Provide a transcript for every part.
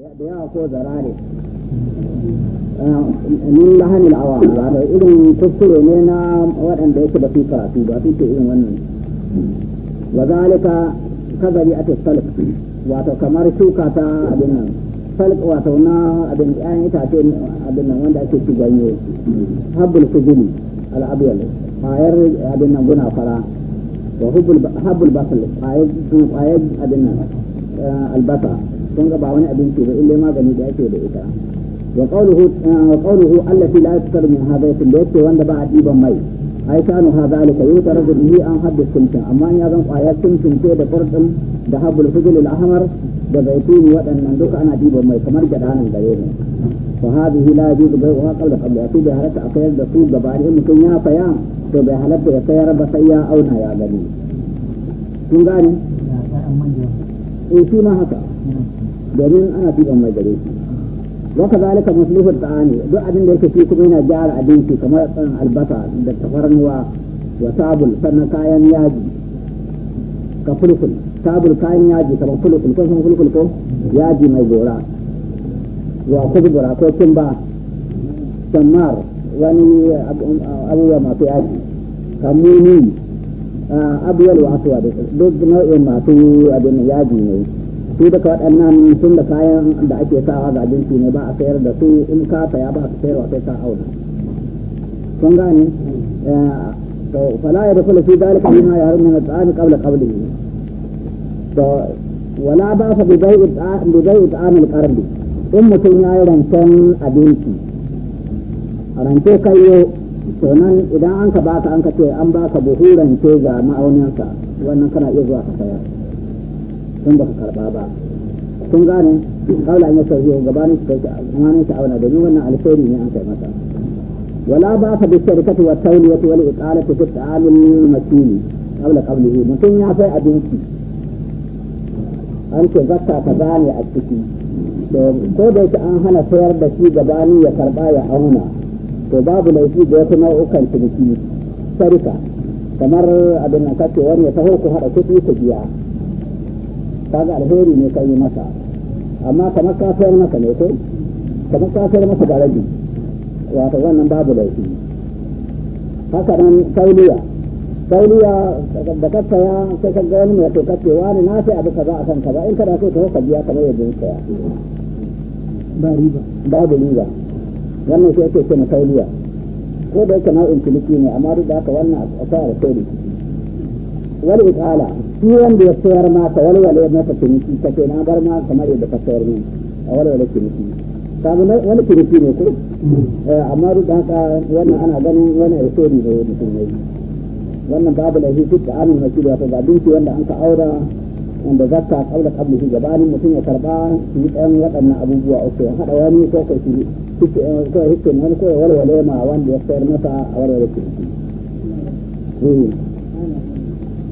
da yawa ko zarare eh, irin kuskure ne na waɗanda yake ba su karatu ba irin wannan wa zalika kazari a salk wato kamar shuka ta abin nan wato na abin itace abin nan wanda ake ci ganye habbul sujuli al'abiyal hayar abin nan guna fara wa habbul basal abin nan eh, albasa kun ga ba wani abinci ba illai magani da yake da ita wa qawluhu eh, wa qawluhu allati la yasqar min hadatin da yake wanda ba a diban mai ai kanu ha zalika yutarabu bihi an hadda sunta amma ya zan kwaya sunta ce da qurdin da habul hudul al ahmar da zaituni waɗannan duka ana diban mai kamar gadanan gare ne fa hadhihi la yajuzu bai'uha qabla qabla su bai halatta a sayar da su gabanin in mutum ya saya to bai halatta ya sayar ba sai ya auna ya gani kun gane eh shi ma haka domin ana ɗiban mai gare shi waka zalika kazalika ta ne duk abin da yake fi kuma yana gyara abinci kamar tsan albasa da tafarnuwa wa tabul sannan kayan yaji ka fulful tabul kayan yaji kamar fulful ko san fulful ko yaji mai gora wa kubura ko kimba samar wani abubuwa masu yaji kamuni abubuwa wasu duk nau'in masu abin yaji ne su duka waɗannan sun da kayan da ake sawa ga jinsi ne ba a sayar da su in ka saya ba ka sayarwa sai ka auna sun gane eh, to fala ya dafa fi dalika ma ya harmi na tsani qabla ne to wala ba fa bi bai'i bi bai'i ta'amul qarbi in mutum ya yi rancen abinci rance kayo to nan idan an ka baka an ka ce an baka buhu rance ga ma'auninsa wannan kana iya zuwa ka sayar sun ba su karba ba sun gane kawla an yi zuwa gabanin su kai amanin shi auna domin wannan alkhairi ne an kai masa wala ba ka bi sharikati wa tawliyati wal iqalati fi ta'amul makini qabla qablihi mutum ya sai abinci an ce zakka ka gane a ciki to ko da yake an hana sayar da shi gabani ya karba ya auna to babu laifi da wata nau'ukan ciniki sarika kamar abin nan kake wani ya taho ku hada kuɗi ku biya kaga alheri ne ka yi masa amma kamar ka sayar masa ne ko kamar ka sayar masa garaji wato wannan babu laifi haka nan kauliya kauliya da ka saya sai ka ga wani mai to kace wani na sai abu kaza akan kaza in kana so ka ka biya kamar yadda ya saya ba riba babu riba wannan sai ake ce na kauliya ko da yake nau'in ciniki ne amma duk da haka wannan a tsara sai wani wal duk wanda ya sayar ma ka walwale masa ciniki ta ce na bar ma kamar yadda ka sayar min a walwale ciniki kaga wani ciniki ne ko eh, amma duk da haka wannan ana ganin wani alheri ne mutum yayi wannan babu da shi duk da amin na shi da ta ga shi wanda an ka aura wanda za ka kaula kabli shi gabanin mutum ya karba shi ɗan waɗannan abubuwa uku ya haɗa wani ko ka shi ko hikin wani ko ya walwale ma wanda ya sayar masa a walwale ciniki hmm.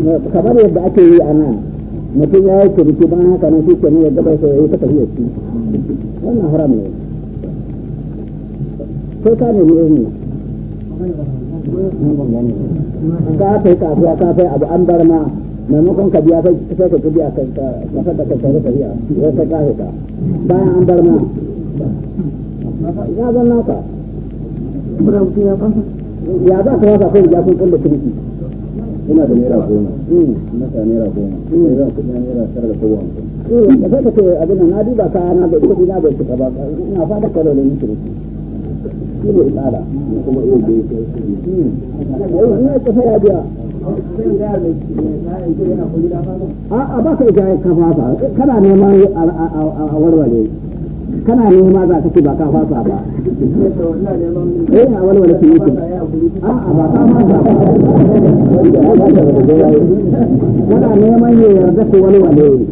kamar yadda ake yi a nan mutum ya yi kirki don haka nan shi kenan ya gaba sai ya yi ta tafiyar shi wannan haram ne ko ka ne ne ne ka kai kasuwa ka kai abu an bar ma maimakon ka biya sai ka ka biya ka ka fada ka kai tafiya ya ka kai ka bayan an bar ma ya zan naka ya ba ka wasa kai ya kun kulle kirki ina da naira goma na naira goma sai zan kuɗi naira tara da kowa da eh, ka ce abin nan na duba ka na bai kuɗi na bai cika ba ina fata kalo ne nake shi ne kuma iya da hmm. ya kai ina biya a ba ka kana neman a warware kana nema za ka ce ba ka fasa ba eh a wani wani kimi a a ba ka fasa ba kana neman ya yarda ko wani wani shi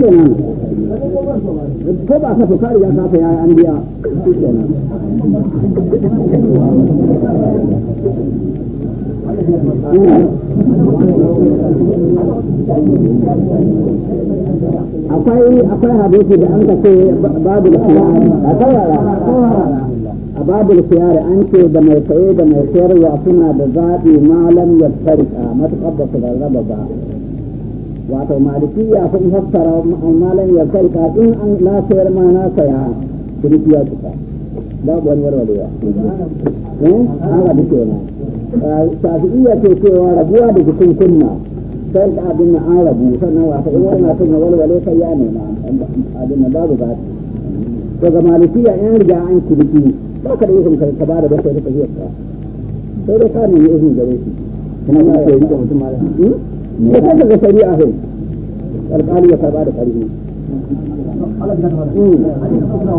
nan, ko ba ka sukari ya kafa ya an biya shi kenan akwai akwai hadisi da an kace babu khiyar a tawara a babu khiyar an ce da mai saye da mai sayarwa suna da zaɓi malam ya farka matuƙar da su rarraba ba wato malikiya sun fassara malam ya farka in an na sayar ma na saya ciniki ya cika babu wani warwarewa eh an rabu kenan shafi'iyya ke cewa rabuwa da jikin kunna sai da abin an rabu sannan wata in wani mutum ya walwale ya nema abin babu ba to ga malikiya in riga an kirki ba ka da izin ka bada da ka sai dai ka nemi izin gare shi kuma ka yi da mutum ne hmm? shari'a alƙali ya ƙarfi hmm.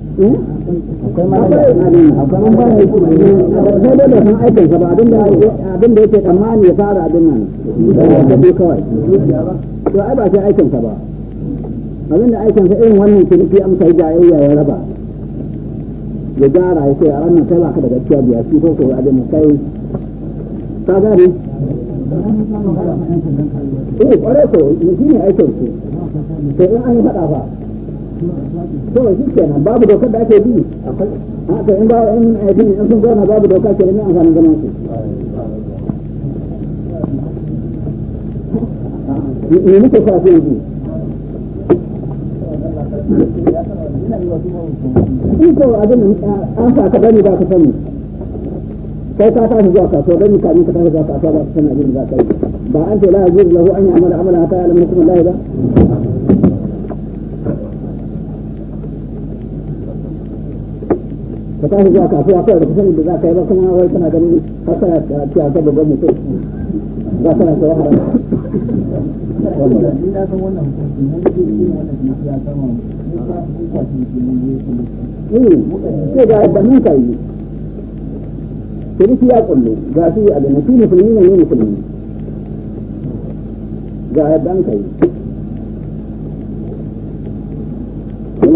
akwai mara akwai mara sai dai san aikin sa ba abin da yake tsammani ya fara abin nan da dai kawai to ai ba sai aikin sa ba abin da aikin sa irin wannan ciniki an kai jayayya ya raba ya gyara ya ce a wannan kai baka da gaskiya biya shi ko ko abin kai ka gari eh kwarai ko mutum ne aikin su to in an yi faɗa ba to shi kenan babu dokar da ake bi haka in ba in aikin eh, in sun zauna babu doka ke da amfanin zaman su muke sa su yanzu in ko abin eh, an sa ka bani ba ka sani kai ka zuwa kasuwa bani ka ka zuwa kasuwa ba ka sani abin da za ka yi ba an ce la lahu an amala hatta ba tashi zuwa kasuwa kawai da kusan da za ka yi ba kuma wai kana ganin har kana cewa ta babban mutum za kana cewa haram sai ga shi a da mutum ne kai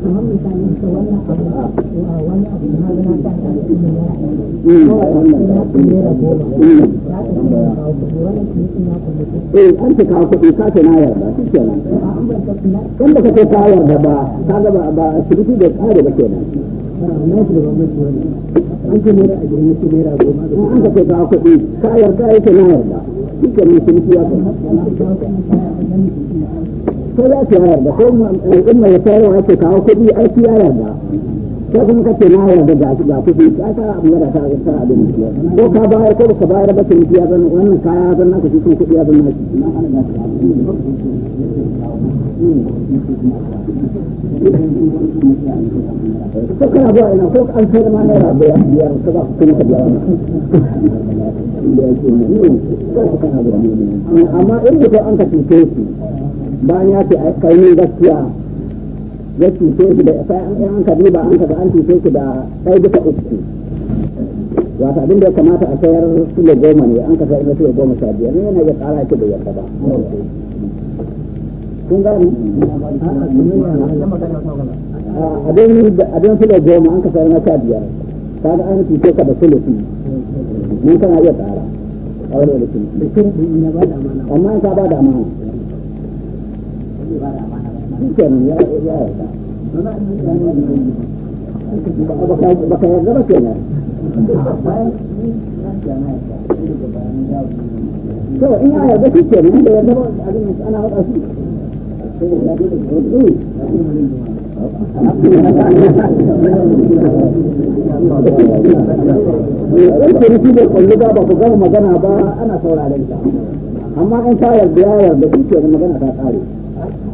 kamar wani wani na ta ya yi a ya eh an ta kawo kuɗi ka ce na yarda shi ke nan in ba ka ce ka yarda ba ka ga ba ba asibiti da tsari ba ke nan an ka ce kawo kuɗi ka yarda ya na yarda shi ke nan asibiti ya ce yarda ko in mai sayarwa ce kawo kuɗi ai ya yarda ko kuma kace na yarda ga ga kuɗi ka ka abu da ta ta abin ko ka bayar ko ka bayar ba kin ya zan wannan kaya zan naka shi kun kuɗi ya zan ko kana ba ina ko an sayar ma naira biyar ka ba kuma ka biya amma in mutum an ka cuce shi bayan ya ce a kainin gaskiya ya cuce shi da sai an ka duba an kaga an cuce shi da ɗaya bisa uku wata abin da ya kamata a sayar da goma ne an ka sayar da kilo goma sha biyar ne yana ya ƙara shi da yadda ba kun gani abin da goma an kasar sayar na sha biyar kaga an cuce ka da da su mun kana iya ƙara aure da kilo amma ka ba da amana shi kenan ya ya yarda ba ya ana faɗa shi in kirki da kwallo ba ba ku gama magana ba ana ta amma in ta yarda magana ta ƙare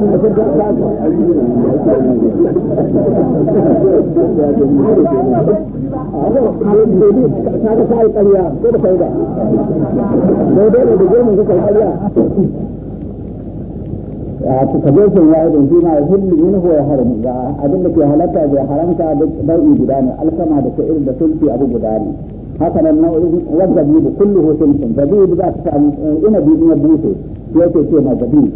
kaga sai ƙarya ko da kai ba daidai ne da girman kuka ƙarya a kajefin wa'idin fi ma yahillu minhu wa yahrumu ga abin da ke halatta da haramta duk nau'i guda ne alkama da sha'ir da sulfi abu guda ne haka nan nau'in wazzabi da kullu husulfin zabi da za ta samu ina biyu ya buce yake ce ma zabi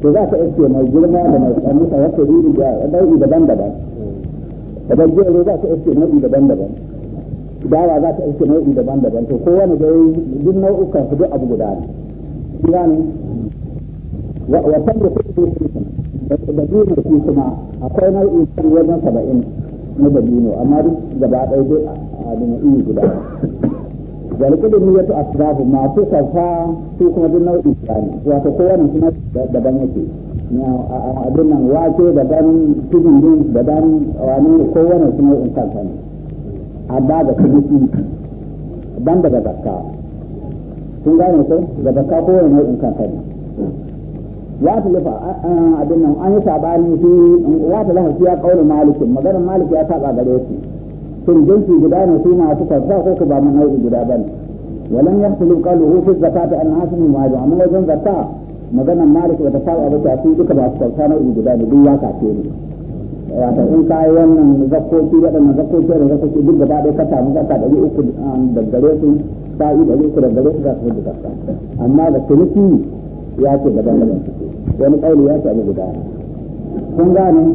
to za ka iske mai girma da mai tsanni a wata riri da nau'i daban-daban kamar jere za ka iske nau'i daban-daban dawa za ka iske nau'i daban-daban to kowane da duk nau'ukan su duk abu guda ne gani wa wa tabu kudu da dino shi kuma akwai nau'i wajen saba'in na dabino amma duk gaba ɗaya duk a dino guda da niyyatu ta ma masu kafa su kuma duk nau'in tsari wato kowane suna daban yake abin nan wake daban tudun din daban wani kowane suna nau'in kanta ne amma ga kudusi ban daga zakka sun gane ko da zakka kowane nau'in kanta ne ya tulufa abin nan an yi sabani su ya lahar su ya kaulin malikin maganar malik ya saba gare su sun jinsi guda ne su masu kwanta ko ku ba mu nau'i guda ba ne walan ya fi lukalu hufi ta an hasu mu wajen amma wajen zata maganan malik wata tafawa abu ta su duka ba su kwanta nau'i guda ne duk ya ce ne wata in ka yi wannan zakkoki waɗannan zakoki da zakoki duk gaba ɗaya ka samu zakka ɗari uku um, da gare su sa'i ɗari uku da gare su za su fi zakka amma da ciniki ya ce daban-daban wani ƙauli ya ce abu guda kun gane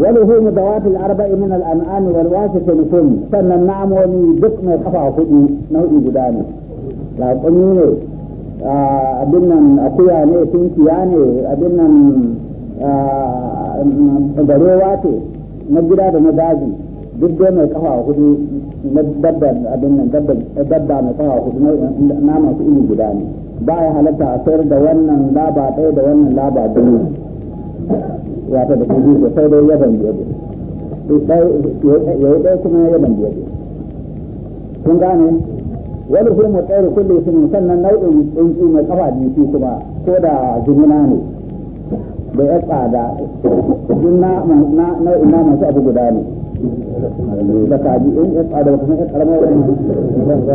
ولحوم ذوات الأربع من الأنعام والواشة لكم سنة النعم ولدك ما يخفى كدي نوعي بداني لا قميني abin nan akuya ne tunkiya ne abin nan garewa ce na gida da na daji duk dai mai kafa hudu na dabba abin nan dabba mai kafa hudu na masu iri guda ba a sayar da wannan laba ɗaya da wannan laba ya ta da kudi sosai dai ya ban biye ya yi dai kuma ya ban biye kun gane wani hulmu tsayar kulle su ne sannan nau'in tsuntsu mai kafa jiki kuma ko da jimina ne da ya tsada duk na nau'in na masu abu guda ne da kaji in ya tsada ba kuma ya karamar wani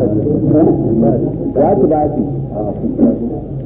ya ci ba ci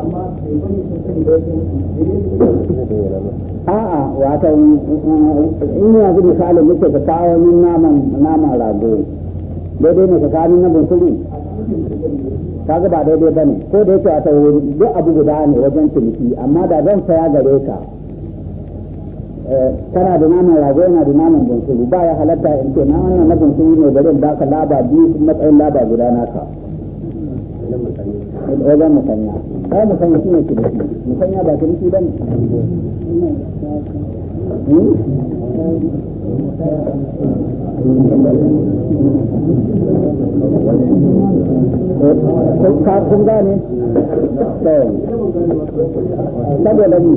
a'a wata in yanzu misalin muke ka kawo min naman naman rago daidai ne ka kawo na ka kaga ba daidai bane ko da yake wata wuri duk abu guda ne wajen ciniki amma da zan saya gare ka eh, kana da naman rago yana da naman bunsuri ba ya halatta in ce na na bunsuri ne bari in baka laba biyu matsayin laba guda naka wajen musanya ai musanya shi ne kirishi musanya ba kirishi ba ne hmm? kun gane ni ina magana ne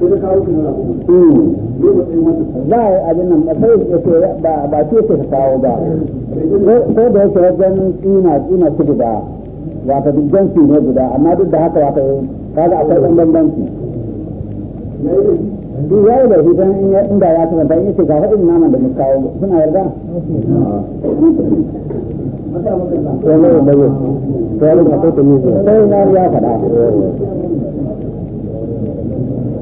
ba ya abin nan ba sai ya ce ba ba ce ka kawo ba ko da yake wajen tsina tsina su guda wata duk ne guda amma duk da haka wata kaga akwai ɗan bambanci duk ya da shi dan in inda ya ta ban yace ga hadin naman da mu kawo suna yarda Sai na ya faɗa.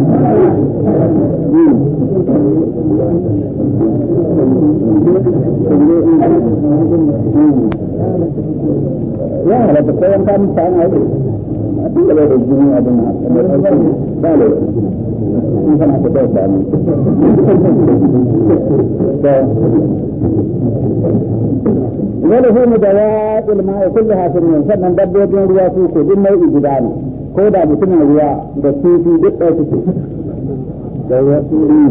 Ya, ada persoalan kan, saya ngerti. Tapi kalau ada jenis ada nak, ada ဒါလို့ဒီကနေ့တော့ပါမယ်။ဒါလည်းဟိုမတရားအလမာကိုလဟာဆိုရင်ဆက်နံပါတ်ပြောပြရခုကိုဒီမဲ့ဥပဒါနဲ့ကိုဒါဒီစနေကဒါစီစီဒက်ပဲဖြစ်တယ်။ဒါရယ်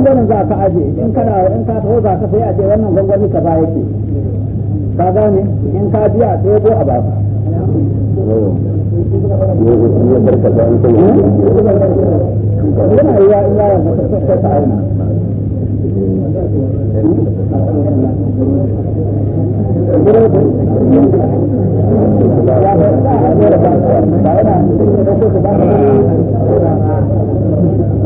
gwangwanin za ka aje in kana in ka taho za ka sai aje wannan gwangwani ka ba yake ka gane in ka biya ɗebo a baka yana yi a ba yana da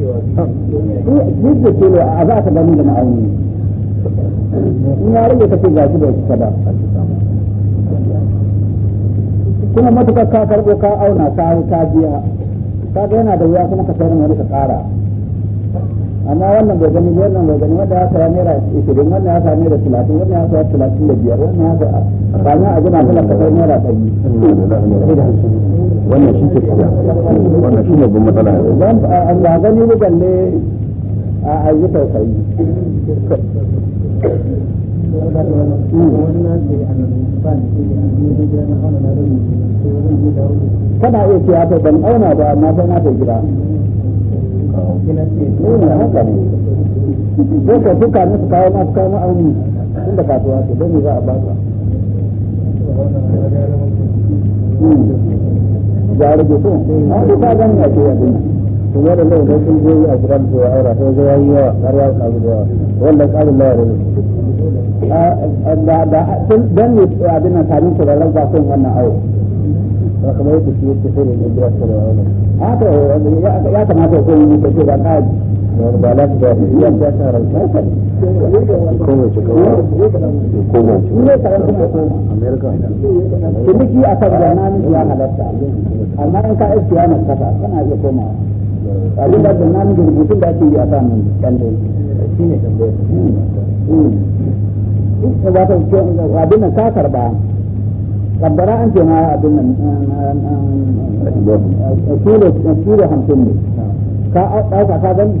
duk da kilo a za ka gani da ma'auni in ya rage kace gashi bai cika ba kuma matukar ka karɓo ka auna ka hau ka biya ka ga yana da wuya kuma ka sayar wani ka kara amma wannan bai gani wannan bai gani wanda ya saya naira ishirin wannan ya saya naira talatin wannan ya saya talatin da biyar wannan ya saya ba a gina talaka sai naira ɗari wannan shi ke tafiya wannan shi ne bin matsala ba gani ba balle a ayi tausayi kana iya cewa haka ban auna ba amma sai na ta gida ko ka duka ne su kawo masu kawo ma'auni tun da kasuwa ce don za a ba hmm. ya rage to an ya ce yanzu da sun a gidan da aura to yayi yawa har ya da yawa wanda da dan ne abin nan kamin rarrar ba wannan aure ba kamar yadda shi sai gidan da haka ya kamata ko yi ta ce ba ba za su ba su iya sa amerika a kan ya halatta amma in ka aiki ya kana iya koma abin da zanani da rubutun da ake yi a shi ne abin nan ka karba kabbara an ce ma abin nan kilo hamsin ne ka ɗauka ka gani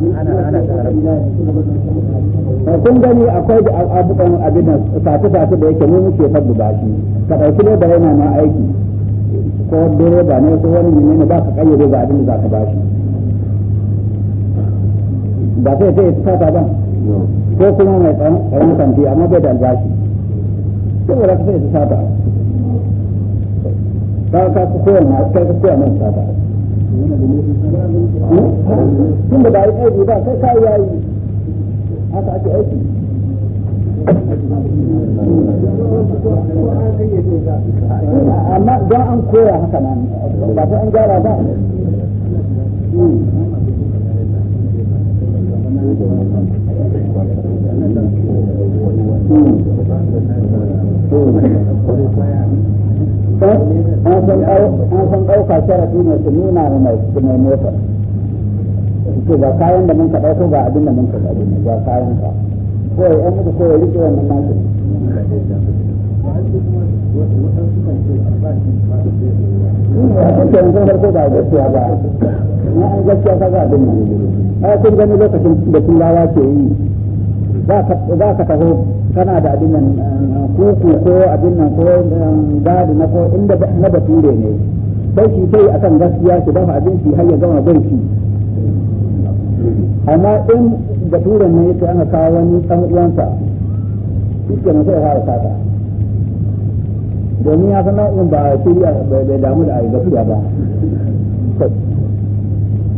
ba kun gani akwai da abubuwan abin da sati-sati da yake mun ke fadu ba shi ka ɗauki ne da yana ma aiki ko direba ne ko wani ne ne ba ka kayyade ga abin da za ka ba shi ba sai ta ta ba ko kuma mai tsaron kanti amma bai da albashi saboda ka sai ta ta ba ka ka koya ma sata tun da ba yi aiki ba sai kai yayi haka ake aiki amma don an koya haka na ba an gyara ba Thank hmm. you. Hmm. an san ɗauka sharafi ne su nuna mai mai motar su ga kayan da muka ɗauko ga abin da ne ga kayan ka ko ya yan rike wannan ba gaskiya ba, na an gaskiya ka ke yi, za ka kana da abin nan eh, kuku ko abin nan ko eh, gadi na ko inda na bature ne sai shi sai akan gaskiya shi dafa abinci har ya gama bai amma in bature ne yake ana kawo wani dan uwansa sai ya fara sata domin ya san nau'in ba shirya bai damu da gaskiya ba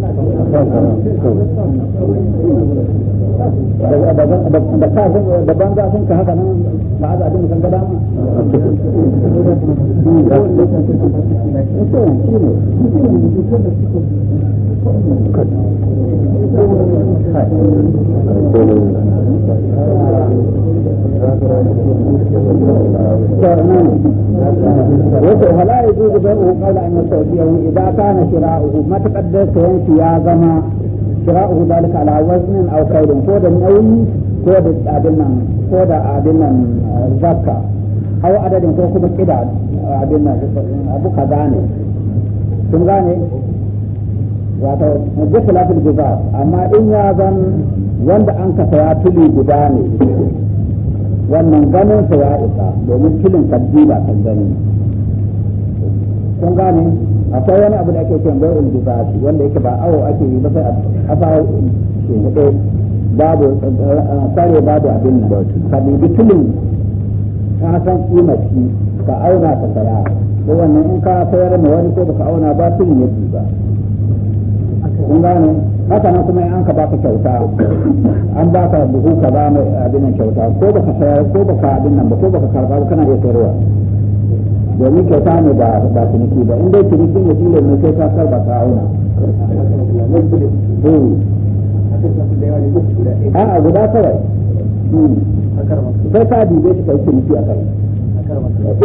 da ka da sun ka haka nan ba a musan gada ma Thank you. wato halaye duk da ku kalla an sauriya wani idan kana shira'uhu matakaddar sayan shi ya zama shira'uhu dalika ala waznin aw kaydin ko da nauyi ko da abin nan ko da abin nan zakka aw adadin ko kuma kida abin nan abu kaza ne kun gane wato mujallafin jiza amma in ya zan wanda an kasa ya tuli guda ne wannan ganin sa ya isa domin kilin kaddi ba kan gani kun gane akwai wani abu da ake cewa bai shi wanda yake ba awo ake yi ba sai a fa shi ne babu sare babu abin nan ka bibi kilin ka san kimaci ka auna ka saya ko wannan in ka sayar ma wani ko baka auna ba kilin ya ba kun gane haka nan kuma an ka baka kyauta an baka buhu ka ba mai abin nan kyauta ko baka sayar ko baka abin nan ba ko baka karba ba kana iya sayarwa domin kyauta ne ba ba ciniki ba inda dai ciniki ne dole ne sai ka karba ka auna hmm. a a guda kawai hmm. sai ka dube shi ka yi ciniki a kai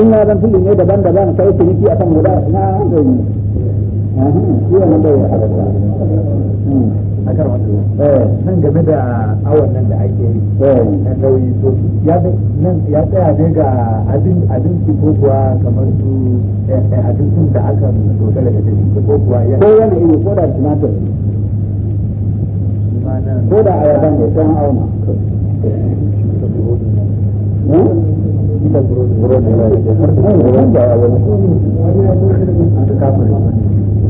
in ya zan fili ne daban-daban ka yi ciniki a kan guda na zai shi wannan bai nan game da awon nan da ake yi na nauyi to ya tsaya ne ga abinci ko kuwa kamar su abincin da aka dogara da shi ko kuwa ya ko ko da tumatir ko da ayaba ne Burodi ne, da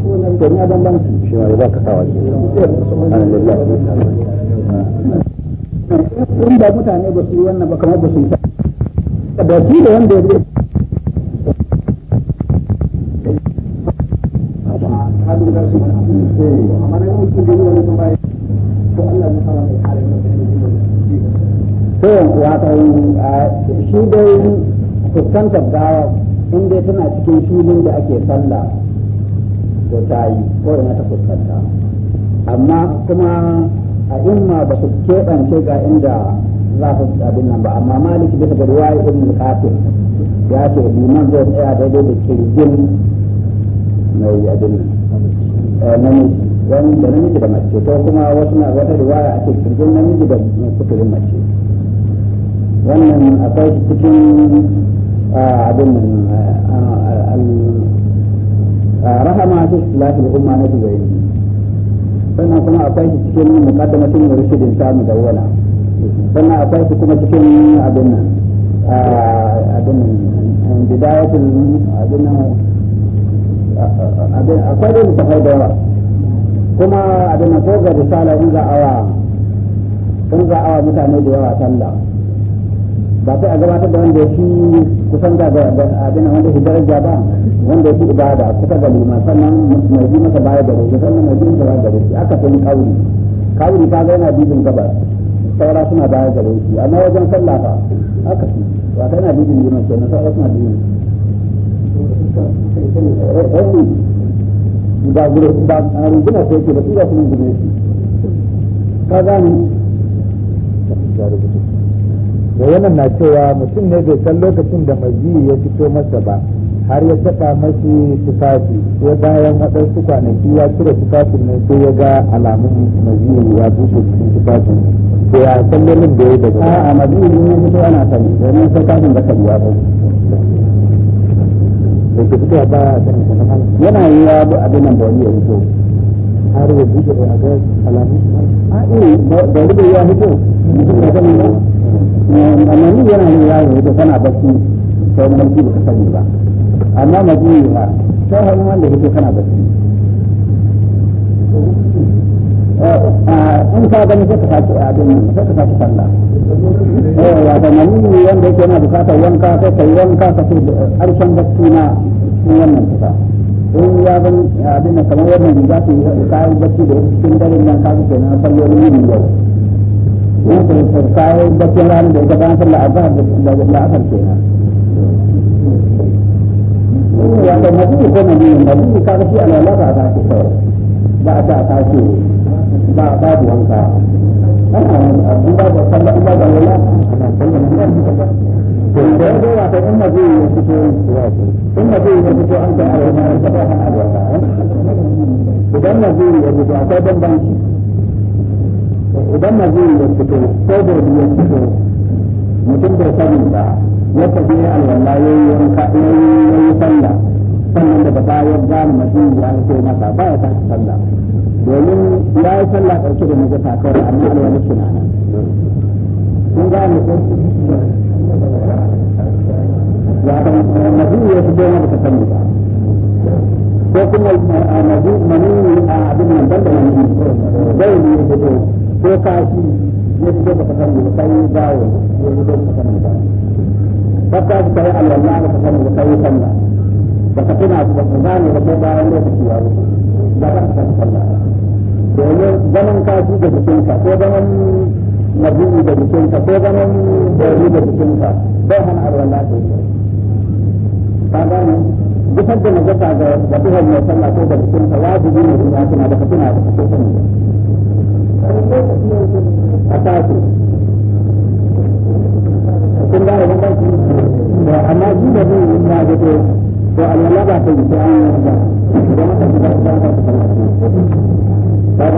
to ni adan ban shi ma ba ka sawa in da mutane ba su yi wannan ba kamar ba su yi da su da wanda ya to wato shi dai fuskantar gawa inda tana cikin filin da ake sallah ko ta yi ko ina ta fuskanta amma kuma a imma ba su keɓance ga inda za su abin nan ba amma maliki bisa ga ruwa ibn qatil ya ce liman zai tsaya daidai da kirgin mai abin nan eh, wanda namiji da mace ko kuma wasu na wata riwaya ake kirgin namiji da kuturin mace wannan akwai cikin ah, abin nan ah, ah, rahama su na duwayi sannan kuma akwai shi cikin muqaddamatin murshidin samu da wala sannan akwai shi kuma cikin abin nan abin nan bidayatul abin nan abin akwai da yawa kuma abin nan ko ga risala in za awa in za awa mutane da yawa ba sai a gabatar da wanda shi kusan ga abin nan wanda daraja ba wanda yake ibada kusa ga liman sannan mai bi masa baya da shi sannan mai bi masa baya da shi aka san kawuri kawuri ta ga yana bibin gaba saura suna baya da shi amma wajen sallah fa aka fi wata yana bibin liman kenan saura suna bibin ba gure ba a runguna ko yake ba su ga sunan gure shi ka gane da wannan na cewa mutum ne bai san lokacin da mai ya fito masa ba har ya taɓa mashi tufafi ko bayan waɗansu kwanaki ya cire tufafin ne sai ya ga alamun maziri ya bushe cikin tufafin ko ya san lalin da ya daga a a maziri ne fito ana sani domin tufafin da kabuwa ba da ke fito ba a sani yana yi ya bu abin nan bawani ya fito har ya bushe da ga alamun a eh bawani da ya fito mutum ya sani ba amma eh, ni yana yi ya fito kana bacci sai mun ji ka sani ba amma yi ba ta wani wanda yake kana bacci eh, in ka gani sai ka sake abin nan sai ka sake sallah yawa eh, da maniyi wanda yake yana bukatar wanka sai ka yi wanka ka ce ƙarshen bacci na cikin wannan kusa in ya zan abin da kamar wannan yi ce kayan bacci da cikin daren nan ka ke nan sallolin yin yau in ka kayan bacci ranar da ya gabatar da azhar da la'asar kenan wanda nabi ko nabi nabi ka ga shi alwala ba ta ce ba ta ta ce ba babu wanka ana abin ba ba sallah ba da alwala to da yadda wata in nabi ya fito in nabi ya fito an ga alwala ba ta alwala idan nabi ya fito akwai bambanci idan nabi ya fito ko da ya fito mutum bai sabin ba ya tafi ya alwala ya yi wanka ya yi sallah sannan daga baya gane mutum ya ce masa ba ya tashi sallah domin ya yi sallah ɗauke da ta kawai amma alwala shi na nan kun gane ko ya kan nabi ya fito na baka sani ba ko kuma eh, nabi manini a eh, abin nan ban da manini zai ne ya ko kashi ya fito baka sani ba sai dawo ya fito baka sani ba hatta su kai alwala da kasan da kai ba ka tuna ba gane da ko bayan lokaci ya wuce ba ka domin zaman da ko zaman da ko zaman da ka gane dukkan da ga da mai sallah ko da wajibi ne da ka tuna da ka a tashi kun gane ba kai to amma shi da zai yi ta ga to to alwala ba ta yi ta an yi ba da mata ta ba ta ba ta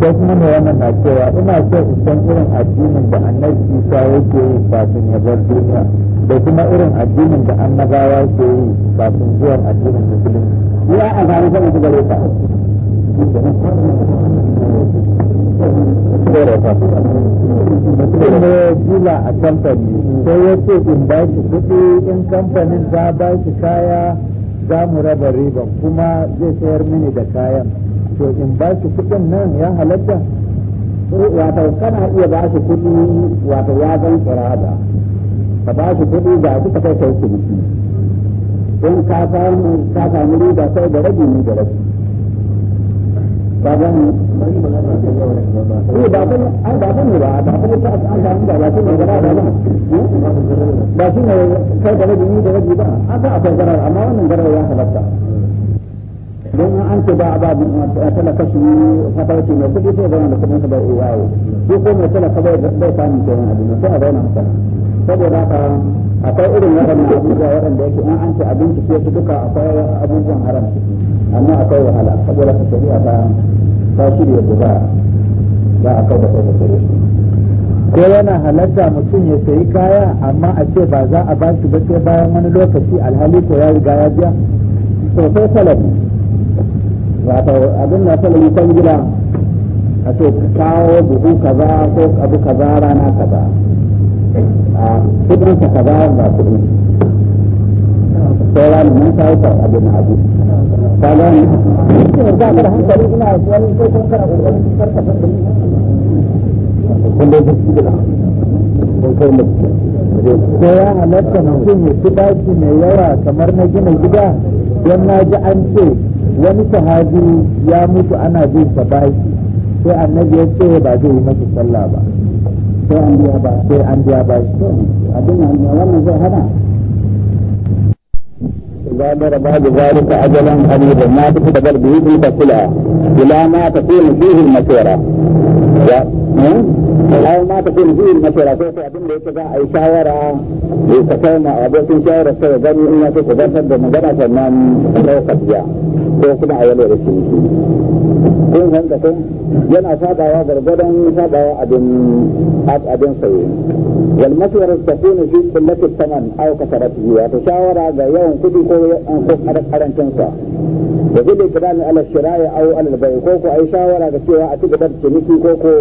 ko kuma ne wannan na cewa ina so in san irin addinin da annabi Isa yake yi ba ya bar duniya da kuma irin addinin da annabawa ke yi kafin zuwan addinin musulunci ya a zama sanin su gare kuma ya jula a kamfani sai ya ce in ba shi kuɗi in kamfanin za ba shi kaya za mu raba riban kuma zai sayar mini da kayan to in ba shi kuɗin nan ya halatta wato kana iya ba shi kuɗi wato ya zan kirada ka ba shi kuɗi ga su ka kai kai kuɗi in ka samu riba sai da rabi ni da rabi Eh, ba ba ba ba an ba ba ne ba ba ba ta an da an ba ne ba ba ba shi ne kai da rabi ni da rabi ba aka akwai garar amma wannan garar ya halatta don an ce ba a ba talaka shi fatawci mai kuɗi sai zauna da kuɗin sa bai iyawo shi ko mai talaka bai bai samun kenan abin sai a zauna masa saboda haka akwai irin waɗannan abubuwa waɗanda yake in an ce abinci sai su duka akwai abubuwan haram amma akwai wahala saboda ka shari'a ta ta shirya da za za a kawo da kawo da gare shi ko yana halatta mutum ya sayi kaya amma a ce ba za a ba shi ba sai bayan wani lokaci alhali ko ya riga ya biya sosai salamu wato abin na salamu kan gida a ce kawo buhu kaza ko abu kaza rana kaza a kudin ka kaza ba kudin sauran mun kawo abin abu kaga ba da hankali hankali da kai mutum ya halatta mutum ya ci bashi mai yawa kamar na gina gida don na ji an ce wani sahabi ya mutu ana bin sa bashi sai annabi ya ce ba zai yi masa sallah ba sai an biya ba sai an biya ba shi abin nan wannan zai hada إذا دار بعد ذلك أجلا قريبا ما تقدر به تلك السلعة إلى ما تكون فيه المشورة أو ما تكون فيه المشورة كيف أبن ليس أي شاورة يتكلم أبوكم شاورة سوى ذني إلا في قدرة بمجرد أنهم لو قد جاء وكما أولي رسول kun fahimta ko yana sabawa gargadon sabawa abin abin saye wal maswarar takunu fi kullati saman aw kasaratihi wato shawara ga yawan kudi ko ko karancin sa da zai da kiran ala shira'i aw ala bai ko ko ai shawara ga cewa a ci gaba da ciniki ko ko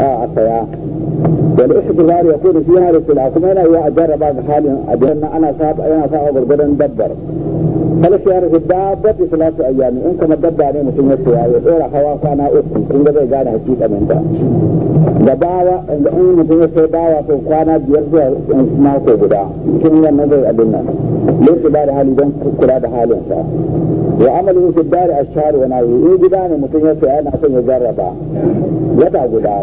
عصايا والإحد الغار يكون فيها لكل عقمين هو أجر بعض حالي أجرنا أنا صاحب أنا صاحب غربنا ندبر هل في هذا الباب في ثلاثة أيام إن كما دب عليهم في نفس الوقت إيه أولا خواف أنا أبكي إن لدي جانا هكيك أمين ده دباوة إن لأين في نفس الباوة في القوانا بيرجع ما هو بدا كم هي النظر أبنى ليس بار حالي دون كل هذا حالي أنت وعمل في الدار الشهر وناوي إن جداني متنسي أنا أصنع جربا يدع جدا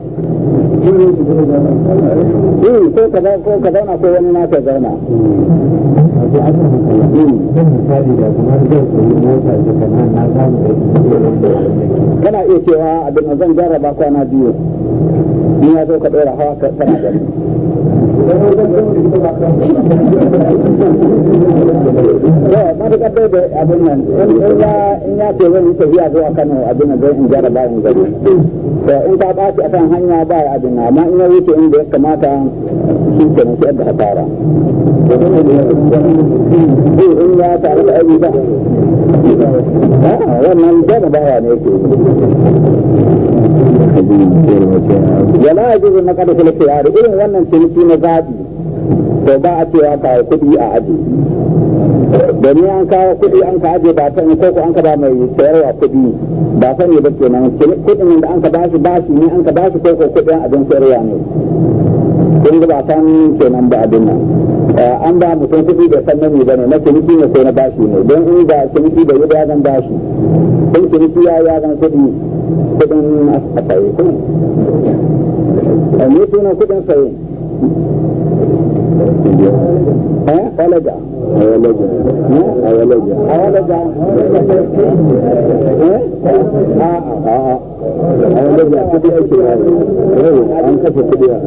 eh ko ka ko ka zauna ko wani na ka zauna kana iya cewa abin zan ba kwana biyu in ya zo ka ɗora hawa kana gani matuƙar da abin nan in ya ce zan yi tafiya zuwa kano abin nan zai in jara bayan gari to in ta ɓaci akan hanya ba ya abin nan amma in ya wuce inda ya kamata shi ke nan da hasara in ya tare da aiki ba wannan jara baya ne yake wala yajuzu na kada kula khiyar irin wannan ciniki na zabi to ba a cewa kawo kuɗi a aji domin an kawo kuɗi an ka aje ba sani ko ko an ka ba mai sayarwa kuɗi ba sani ba kenan kuɗin da an ka bashi bashi ne an ka bashi ko ko kuɗin abin sayarwa ne kun ga ba ke nan ba abin nan Eh, an ba mutum kuɗi da sannani ba ne na ciniki ne ko na bashi ne don in ga ciniki da yadda ya zan bashi don ciniki ya ya zan kuɗi kuɗin a saye eh, ne suna kuɗin saye ولد ولد ولد ولد ولد كده ايش هذا عن كيف كده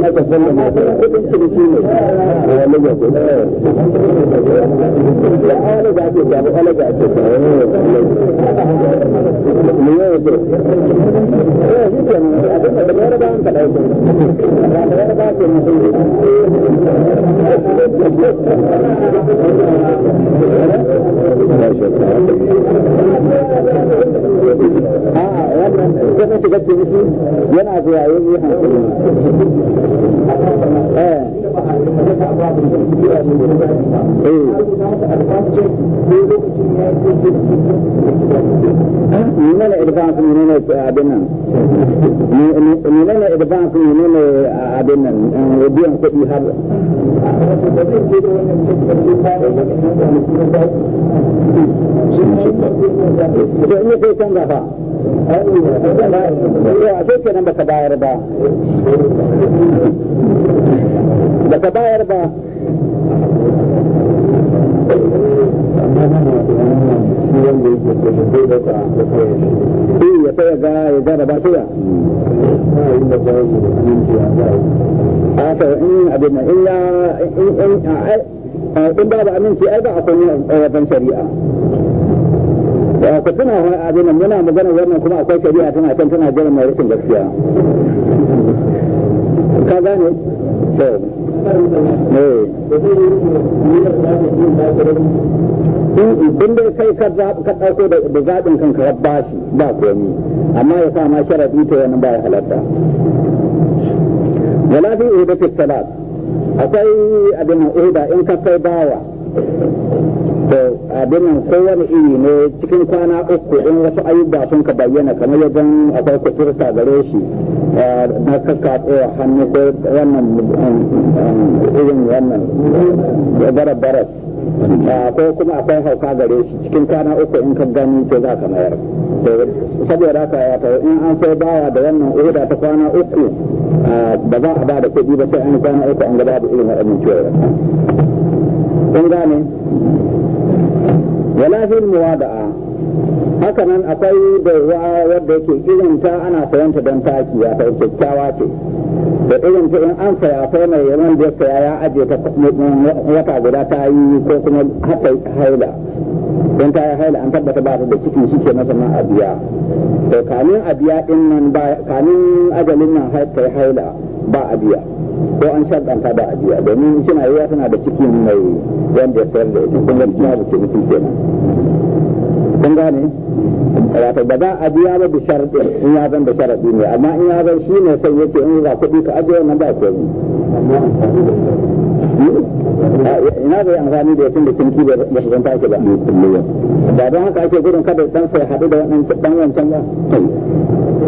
ما تفهم ما تفهم a'a ah, wannan gwamnati gaske yana zuwa yanzu hankali menene advance menene abin nan menene advance menene abin nan biyan kuɗi har to in sai canza fa a sai kenan baka bayar ba baka bayar ba Eh, ya fara ga ya jarraba shi ya a ta abin nan illa in ba ba aminci ai ba a kan rabban eh, shari'a ku tuna wani abin nan muna magana wannan kuma akwai shari'a tana can tana jiran mai rashin gaskiya ka gane Eh. in da kai ka ɗauko da zaɓin kankarar bashi ba komi amma ya sa ma sharaɗi ta wani ba ya halatta wala fi uhuda fi salat akwai abin da in ka kai bawa wato abin nan kowane iri ne cikin kwana uku in wasu ayyuka sun ka bayyana kamar yadda akwai kusurta gare shi eh, na kaka tsaye hannu ko wannan eh, irin wannan barat eh, barat ko kuma akwai hauka gare shi cikin kwana uku in ka gani ce za ka mayar saboda haka ya ta in an sai bawa da wannan uhuda ta kwana uku ba za a ba da kuɗi ba sai an kwana uku an gaba da irin waɗannan ciwo kun gane wala fil muwada'a haka nan akwai baiwa wadda yake irin ta ana sayanta don taki ya kai kyakkyawa ce da in an saya sai mai yawan da saya ya ajiye ta wata guda ta yi ko kuma haka haila don ta yi haila an tabbata ba da ciki shi ke masa ma abiya to kamin abiya din nan ba ajalin nan haila ba a biya ko an shaɗanta ba a biya domin suna yiwa tana da ciki mai wanda ya sayar da ita kun ya wuce da ke nan kun gane wato ba za a biya ba da sharaɗi in ya zan da sharaɗi ne amma in ya zan shi ne sai yake in za kuɗi ka ajiye wannan ba komai ina zai amfani da yakin da cinki da ya su zanta ake ba ba don haka ake gudun kada dan sai haɗu da wannan dan wancan ba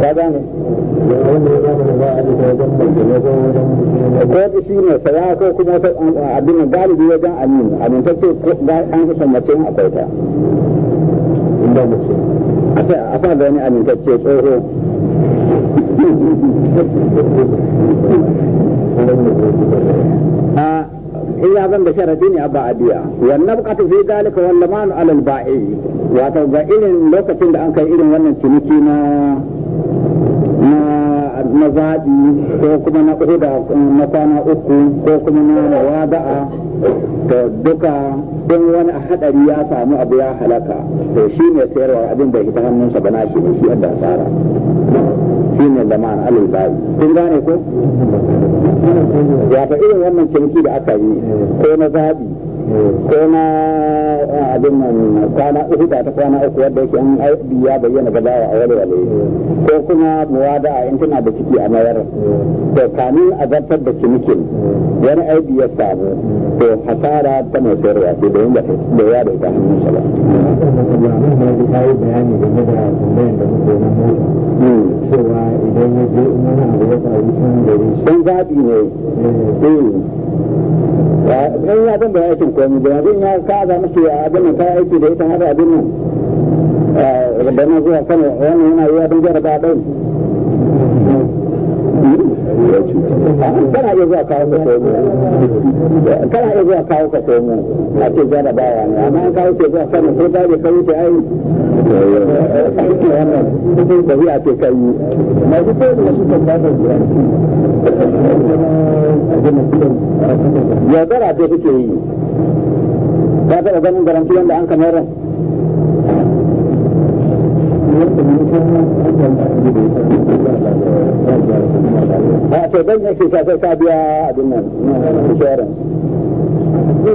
ko gane ko shi ne saya ko kuma wata abin galibi wajen amin amintacce an fi son mace akwai ta a sa da wani amintacce tsoho إذا ظن بشرتين أبا أبيع والنبقة في ذلك واللمان على البائع وتوقع إلن لوكة عند أنك wannan ciniki na. na zaɓi ko kuma na ƙuda na kwana uku ko kuma na wada'a to duka don wani haɗari ya samu abu ya halaka to shi ne sayarwa abin da hita hannunsa ba na shi ne shi yadda asara shi ne da ma'an bayi kun gane ko ya ta irin wannan cinki da aka yi ko na zaɓi ko na eh, abin nan kwana uku da ta kwana uku wadda yake an haifi ya bayyana ga bawa a walwale ko kuma muwada a tana da ciki a mayar to kamin a zartar da cinikin wani aibi ya samu to hasara ta mai sayarwa ce domin ba da ya da ita hannun sa ba. cewa idan ya je wani abu ya faru can gari. Sun zaɓi ne. Eh. Hmm. dan ya san da aikin komai da yanzu ya ka za a abin nan kai aiki da ita har abin nan eh, da na zuwa kan wannan yana yi abin jaraba dai kana iya zuwa kawo ka mu kana iya zuwa kawo ka mu a ce jarabawa ne amma an kawo ke zuwa sanin ko ba da kawo ta ai da ya ce kai masu kai da su kan ba da yaudara ce suke yi ka taɓa ganin garanti wanda an kamar a to ban yake ka sai ka biya abin nan na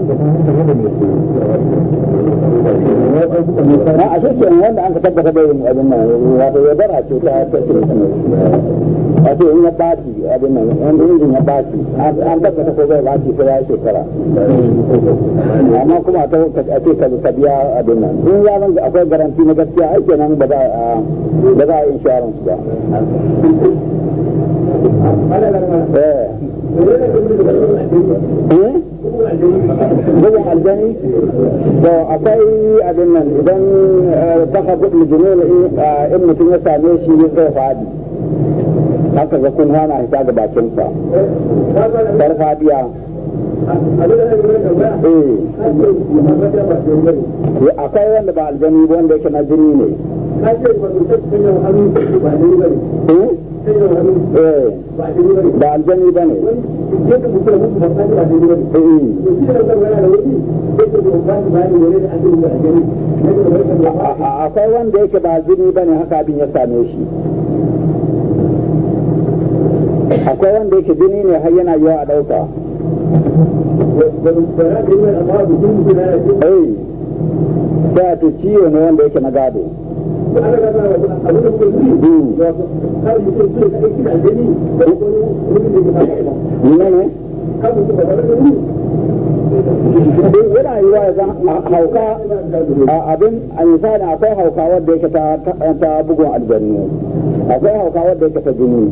a cikin wanda an ka da wato ta in ya baki abin nan in injin ya baki an tabbata ko zai baki sai ya shekara amma kuma a ce ka ka biya abin nan in ya zan akwai garanti na gaskiya ai kenan ba za a ba za a insurance ba eh bugun aljani to akwai abin nan idan taka eh, gudun jinul eh, in mutum ya same shi ya zai fadi haka ga kun hana hita ga bakinsa farfadiya eh. akwai wanda ba aljani wanda yake na jini ne Eh, ba aljani ba ne eh. akwai wanda yake ba aljini ba ne haka abin ya same shi akwai wanda yake jini ne har yana yiwa a ɗauka eh sai a to ciwo ne wanda yake na gado yana yi wa zan hauka abin a misali akwai hauka wadda yake ta bugun aljannu akwai hauka wadda yake ta jini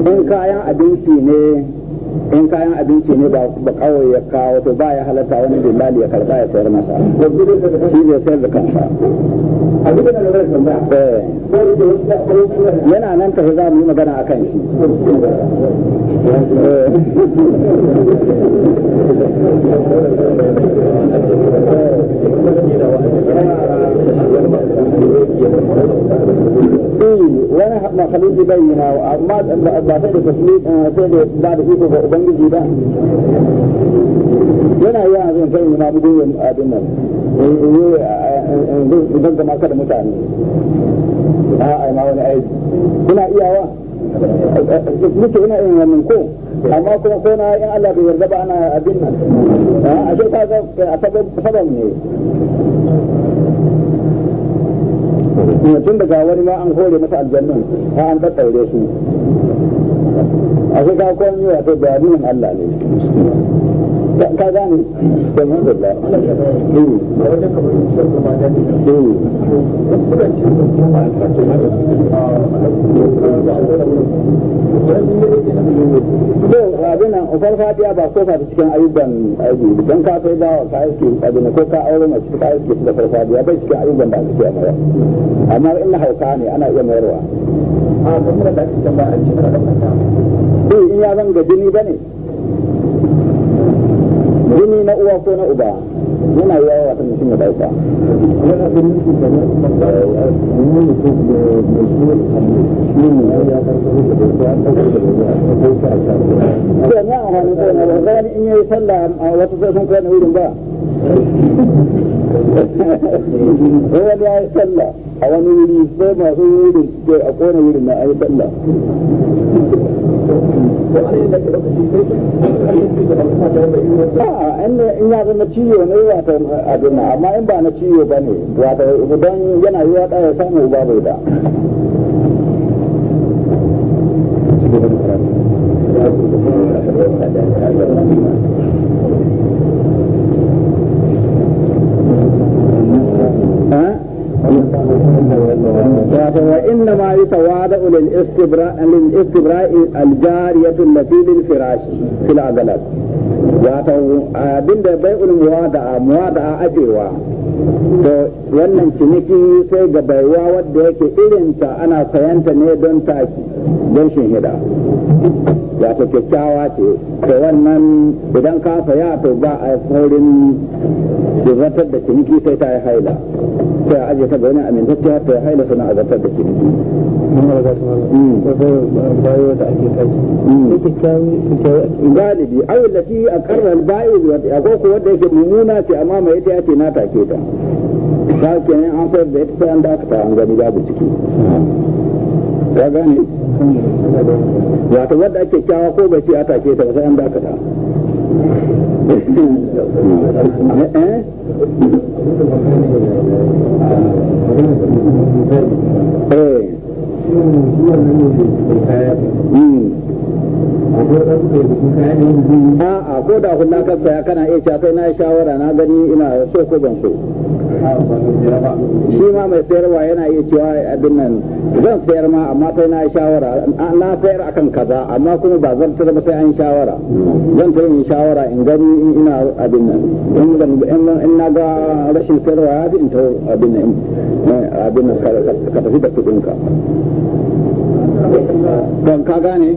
in kayan abinci ne in kayan abinci ne ba ba kawai ya kawo to ba ya halatta wani dillali ya karba ya sayar masa shi zai sayar da kansa eh. yana nan tafi za mu yi magana a kan shi Thank eh. الدين ونحن خليج بينا وما بعد تسليم تسليم بعد فيه وبنج جدا ينا يا زين كان ما بدو ادنا ويي بدل ما كان متعن اه اي آه، ما هو عيد هنا يا وا مش هنا من كون اما كون كون يا الله بيرضى انا ادنا اه اشوف هذا اسبب فضلني tun ga wani ma an hore masa aljannu a an tattaure su a shi ka kwan wato Allah ne ka gane da da to abin nan ufar ba ko ta cikin ayyukan aiki don ka kai dawa ka aiki abin ko ka aure aiki da farfadiya bai cikin ayyukan amma hauka ne ana iya mayarwa a kuma da ake tambaya an ce eh, in ya zanga jini ne jini na uwa ko na uba yana yi yawa ta mutum ya dauka eh, eh, to na ba wani in yi sallah yi wata sai sun yi wani ya yi sallah a wani wuri sai masu wurin a kone wurin na a yi in ya zama ciwo ne wata abin amma in ba na ciwo ba ne wata idan yana yi wata ya samu uba bai da Thank you. wato wa inna ma yi tawada ulil istibra'i aljariyatu lati lil firash fil aghlab wato abinda bai'ul muwada'a a ajewa to wannan ciniki sai ga baiwa wadda yake irinta ana sayanta ne don taki don shinhida wato kyakkyawa ce to wannan idan ka saya to ba a saurin zartar da ciniki sai ta yi haila sai a ajiye ta ga wani amintacciya ta yi haila suna a zartar da ciniki hmm. hmm. galibi aw lati aqarra al-ba'i wa ko wanda yake mumuna ce amma mai ita yace na take ta ka kenan an sayar da ita sai an dakata an gani babu ciki hmm. ya gane wato wadda ake kyawa ko bai ce a take ta ba sai an dakata eh, eh. Hmm. a'a ko da hulla ka saya kana iya cewa kai na shawara na gani ina so ko ban so shi ma mai sayarwa yana iya cewa abin nan zan sayar ma amma sai na shawara na sayar akan kaza amma kuma ba zan tura ba sai an shawara zan tura in shawara in gani ina abin nan in ina ga rashin sayarwa ya fi in ta abin nan eh, abin nan ka tafi da kudinka kan ka gane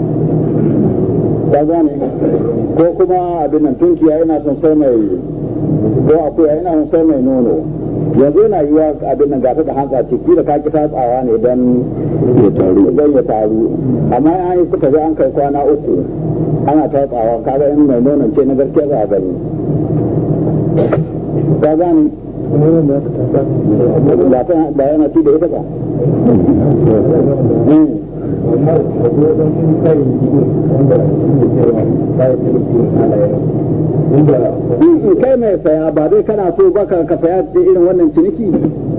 ka gane ko kuma abin nan tunkiya yana son sai mai ko akuya yana son sai mai nono yanzu yana yiwa abin nan gata da hantsa ciki da kaki tatsawa ne don ya taru ya taru amma an yi suka an kai kwana uku ana tatsawa kaga in mai nono ce na gaskiya za a gani ka gane ba yana ci da ita ba mm. Mm. wannan in kai wanda shi kai mai saya ba dai kana so ba ka saya da irin wannan ciniki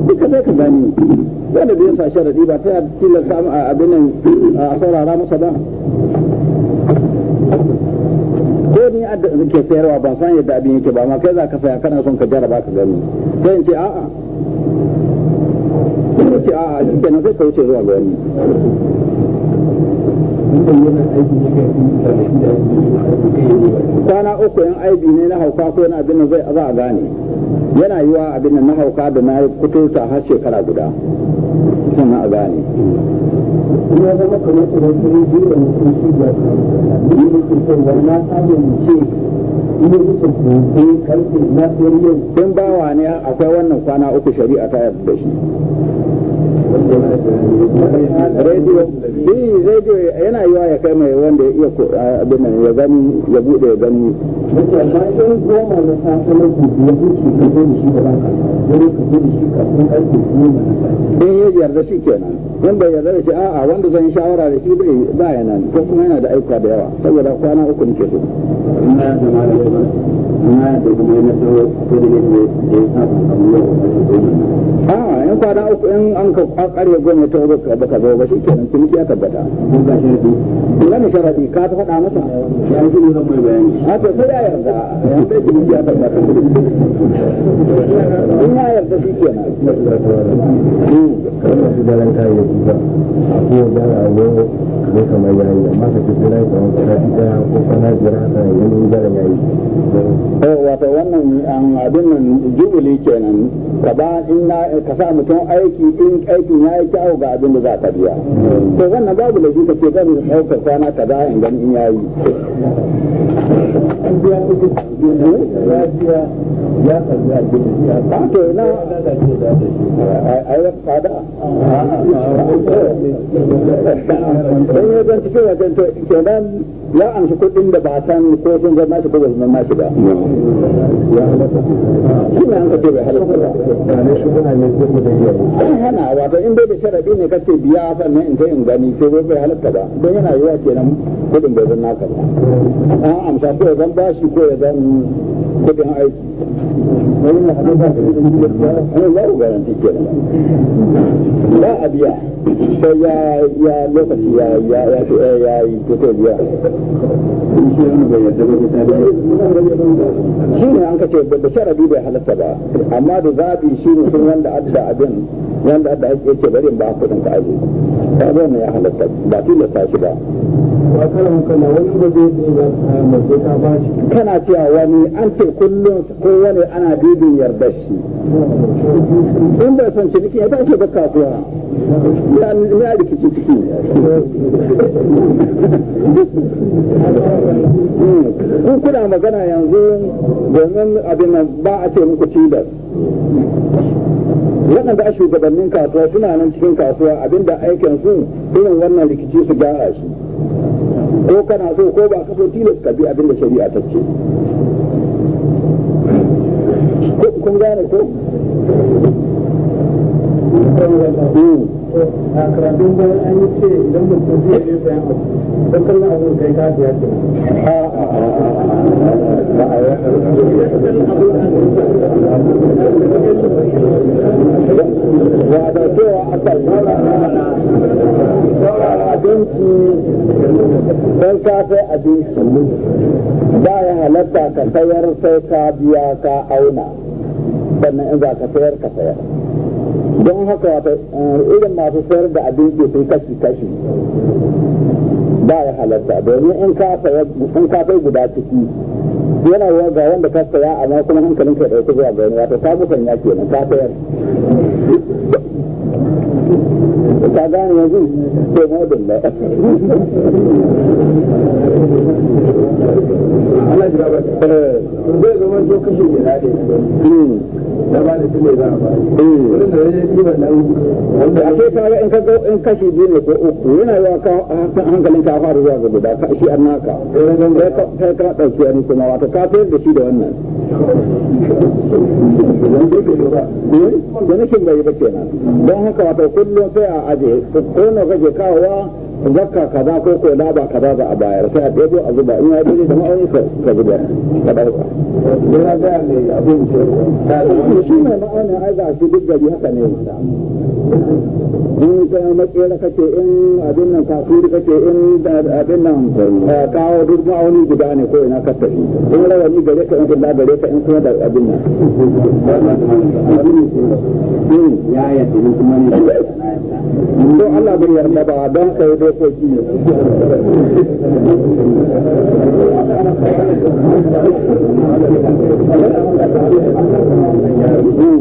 duka zai ka gani wanda bai sa sharadi ba sai a tilasta abin nan a saurara masa ba ko ni a ke sayarwa ban san yadda abin yake ba ma kai za ka saya kana son ka jaraba ka gani sai in ce a'a ya ce a shi kenan ka zuwa ga kwana uku yan aibi ne na hauka ko yana abin zai za a gane yana yi wa abin na hauka da na kuturta har shekara guda sannan a gane da na in bawa ne akwai wannan kwana uku shari'a ta yarda da shi rediyo shi rediyo yana yiwa ya kai mai wanda ya iya abin nan ya gani ya bude ya gani in ya yarda shi kenan in yarda shi a'a wanda zan shawara da shi bai nan ko kuma yana da aika da yawa saboda kwana uku nake so a yan kwana uku in an ka karya goma ta uku ba ka zo ba shi kenan sun ya tabbata kun ga sharadi kun ga sharadi ka ta faɗa masa ya yi shi zan mai bayani a to sai ya yarda yan sai sun ya tabbata in ya yarda shi kenan kana su daren kayayyaki ba a kowa dara a zo ne kamar yayi amma ka ce sai na yi kamar kwana biyar haka yanzu daren yayi Eh, wato wannan abin nan jubili kenan ka ba in na ka sa mutum aiki in aikin ya yi ga abin da za ka biya to wannan babu da ka ce kan ɗaukar kwana ka da in gani in ya yi na a yi fada yi eh, cikin wajen to ya amshi kuɗin da ba san ko sun zama shi ko ba zama shi ba shi ne an ka halatta ba in bai da sharaɗi ne kace biya sannan in in gani ce bai ba don yana yiwa kenan kuɗin bai zama ka ko ya zan bashi ko ya zan kudin aiki ba a biya sai ya lokaci ya ya ya shi ne an kace da sharabi bai halatta ba amma da zabi shi ne sun wanda adda abin wanda adda ake ce bari ba kudin ka aje ka ba ne ya halatta ba tilasta shi ba kana cewa wani an ce kullum ko wani ana bibin yarda shi in bai son ciniki ya tashi ba kasuwa ya rikici ciki in kuna magana yanzu domin abin ba a ce muku cibiyar waɗanda a shugabannin kasuwa suna nan cikin kasuwa abinda aikin su irin wannan rikici su gyara shi ko kana so ko ba ka tilas ka bi abinda shari'a ta ce kun gane ko hmm. a karatun bayan an yi ce idan mutum zai yi sayan abu dukkan na abin kai ka biya ke wa da cewa a abinci don ka sai abinci ba ya halatta ka sayar sai ka biya ka auna sannan in za ka sayar ka sayar don haka eh, irin masu sayar da abinci sun kashi kashi ba ya halatta domin in ka kai guda ciki yana yawa ga wanda ka saya amma kuma hankalin ka ɗauki zuwa ga wani wato ta bukan ya kenan ka sayar ka gane yanzu ko modin Allah zai zama to kashe ne na ba da kuma za a ba wurin da zai yi wanda ake kawo in ka ga in kashi biyu ne ko uku yana yawa ka hankalin ka fara zuwa ga guda ka shi an naka sai ka dauki an kuma wato ka da shi da wannan nake bai ba kenan don haka wato kullum sai a aje ko na kaje kawowa zakka kaza ko ko da ba kaza za a bayar sai a ɗebo a zuba in ya ɗebo da ma'auni ka zuba ka ɗauka. Yana da ne abin ce. Shi ne ma'auni ai za a shi duk gari haka ne. in ka matsera kake in abin nan kafiri kake in abin nan eh, kawo duk ma'auni guda ne ko ina ka tafi in rawani gare ka in kula gare ka in kuma da abin nan ya Allah bai yarda ba don kai dai ko ne hmm.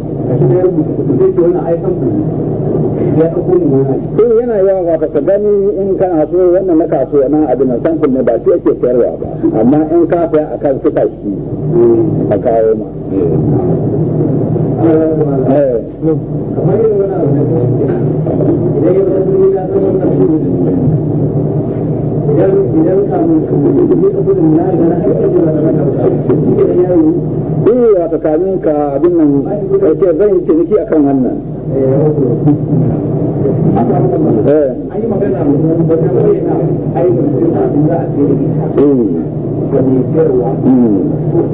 shi eh, ya mu yana yawa ba ka gani in kana so wannan na kaso na abin nan san kunne ba shi yake sayarwa ba amma in ka saya a kan suka shi a kawo ma kamar yin da idan ya zama duniya zama idan idan kamun kuma ka ya yi eh abin nan ce zan yi ciniki akan wannan eh, eh. an a ce da hmm. hmm.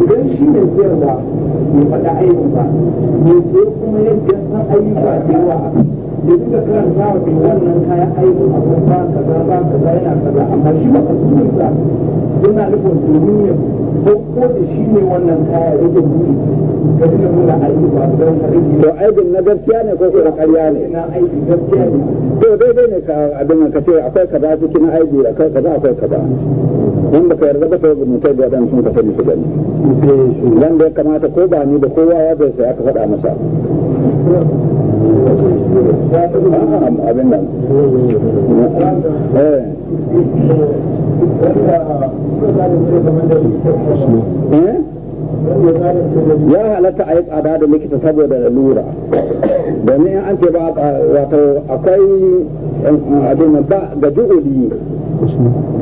idan shi mai siyarwa bai faɗa ayyuka ne sai kuma yadda san ayyuka da da suka karanta wa bai wannan kayan aikin abin ba kaza ba kaza yana kaza amma shi ba kasuwarsa yana nufin domin ya ko da shi ne wannan kaya yake buri ga dinga nuna aiki ba don karfi to aikin na gaskiya ne ko ko na ƙarya ne na aiki gaskiya ne to daidai ne ka abin ka ce akwai kaza cikin aiki akwai kaza akwai kaza in baka yarda ba sai mutai da dan sun ka sani su gani dan da ya kamata ko ba ni da kowa ya bai sai aka faɗa masa abin eh? nan ya halatta a yi tsada da likita saboda lura domin an ce ba wato akwai abin ba ga ju'uli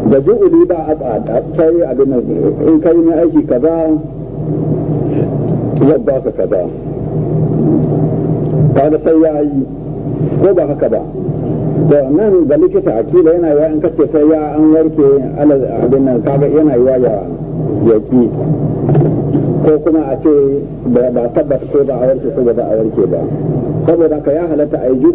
ga ju'uli ba a tsada sai abin nan in kai ne aiki kaza ya ba ka kaza kaga sai ya yi ko ba haka ba to nan ga likita akila yana yiwa in kace sai ya an warke ala abin nan kaga yana yiwa ya ya ki ko kuma a ce ba tabbata ko ba a warke ko ba a warke ba saboda ka ya halatta a yi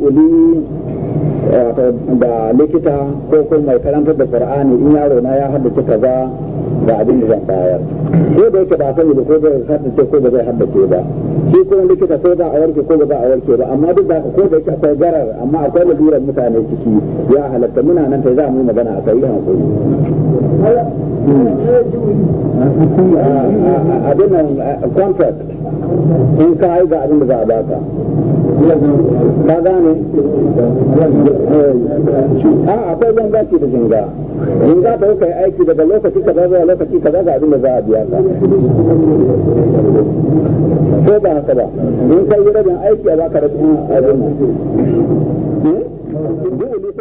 da likita ko ko mai karantar da qur'ani in yaro na ya haddace kaza ga abin da zan bayar ko da yake ba sani da ko da haddace ko da zai haddace ba shi kuma likita ko da a warke ko da za a warke ba amma duk da ko da yake akwai garar amma akwai lalurar mutane ciki ya halatta muna nan ta za mu magana a kai hankali a nan contract in ka yi ga abin da za a baka ka gane eh. a akwai zangaci da jinga jinga ta kai aiki daga lokaci kaza zuwa lokaci kaza ga abin da za a biya ka ko ba haka ba in kai rabin aiki a baka rabin abin hmm?